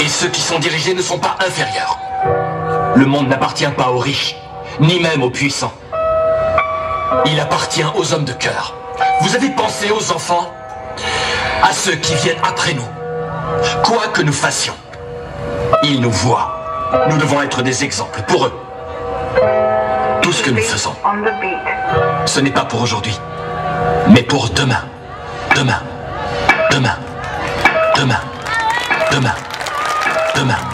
Et ceux qui sont dirigés ne sont pas inférieurs. Le monde n'appartient pas aux riches, ni même aux puissants. Il appartient aux hommes de cœur. Vous avez pensé aux enfants, à ceux qui viennent après nous. Quoi que nous fassions, ils nous voient. Nous devons être des exemples pour eux. Tout ce que nous faisons, ce n'est pas pour aujourd'hui, mais pour demain. Demain. Demain. Demain. Demain. demain.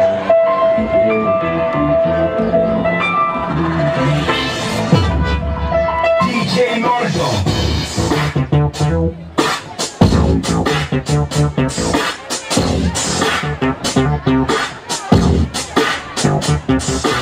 Thank you.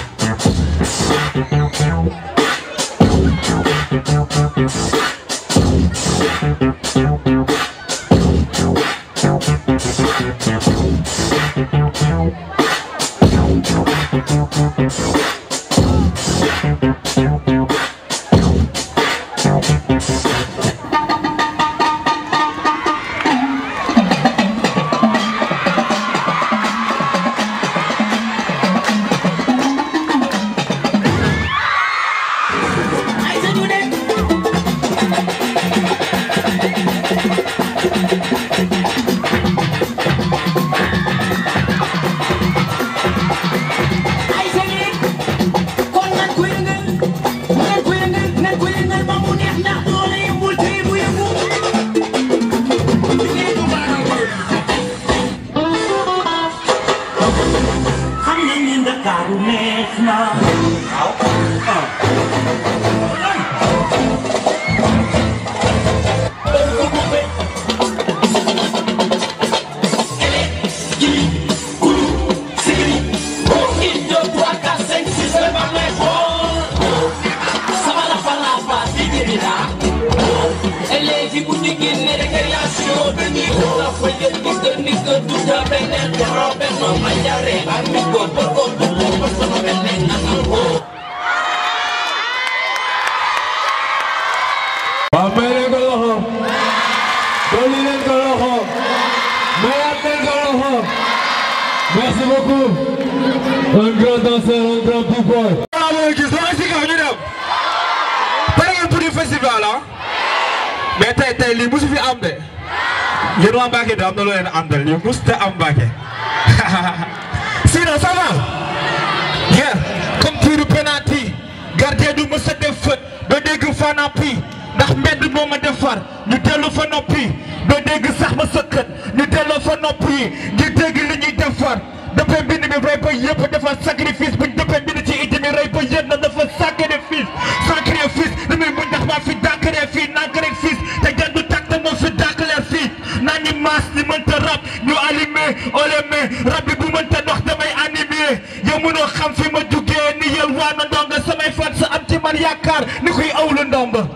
kalau penuh manjare Ami kumpul kumpul kumpul Semua kenek anakku Pamerin ko loho Dolinin ko loho Mayatin ko loho Merci beaucoup Un grand danseur, un grand people festival ah mais tey tey lii musu fi am de yéen waa Mbacké de am na loo leen àndal lii mus te am Mbacké sinon ça va yeah comme tiiru penalty gardien du mës a def fët doo dégg Fana yi ndax mbedd moo ma defar ñu dellu fa noppi doo dégg sax ma sëkkat ñu dellu fa noppi ngir dégg li ñuy defar dëppee mbind mi rey ba yëpp dafa sacrifice buñ dëppee mbind ci itti mi rey ba yëpp na dafa sacrifice sacrifice li muy muñ ndax maa fi dànkaree fii nànkaree rabbi bu mënta dox damay animé yow mënoo xam fi ma jugee ni yël waa na ndonga samay fan sa am man yaakaar ni koy awlu ndomba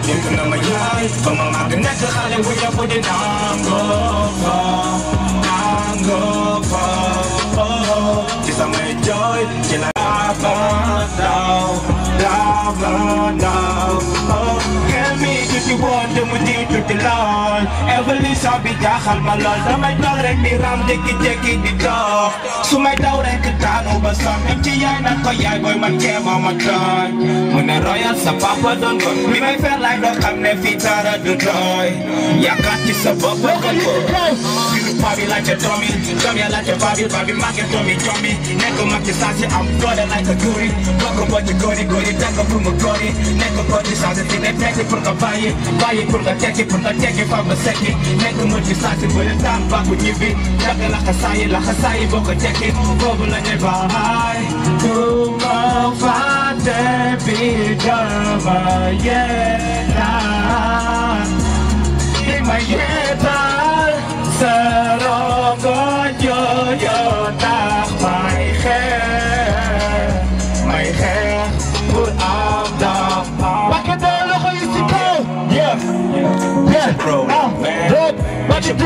Dito na may eyes Mamamagan na sa kalimuya ko din Tango ko Tango ko Oh, isa may joy Sila laban daw Laban daw Oh, get me if you want Demo dito tilan Everly sabi dahal malal Na may dalrek miram Diki diki dito Sumay daw rin kitano Basang Ang tiyan at koyay Boy man kema matan Munaro ba doon ko li may fer laay doo xam ne fii dara du tooy yaakaar ci sa bopp ko Bobby like a dummy. Dummy like a Bobby, Bobby market dummy, dummy. Neko maki sassy, I'm flooded like a curry. Block up what you got it, got it, take up from a glory. Neko body sassy, think they take it from the buy it. Buy it from the take it, from the take it from the second. Neko maki sassy, but it's time back with you. Taka like a say, like a say, boka take it. Bobble like a buy. Tu mo fate pijama, yeah. In my head,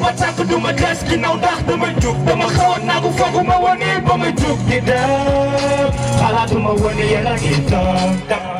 ba tàkk du ma des ginnaaw ndax damay jug dama xawoon naa ko foogu ma woni di dem xalaatuma woni yéen a ngi toog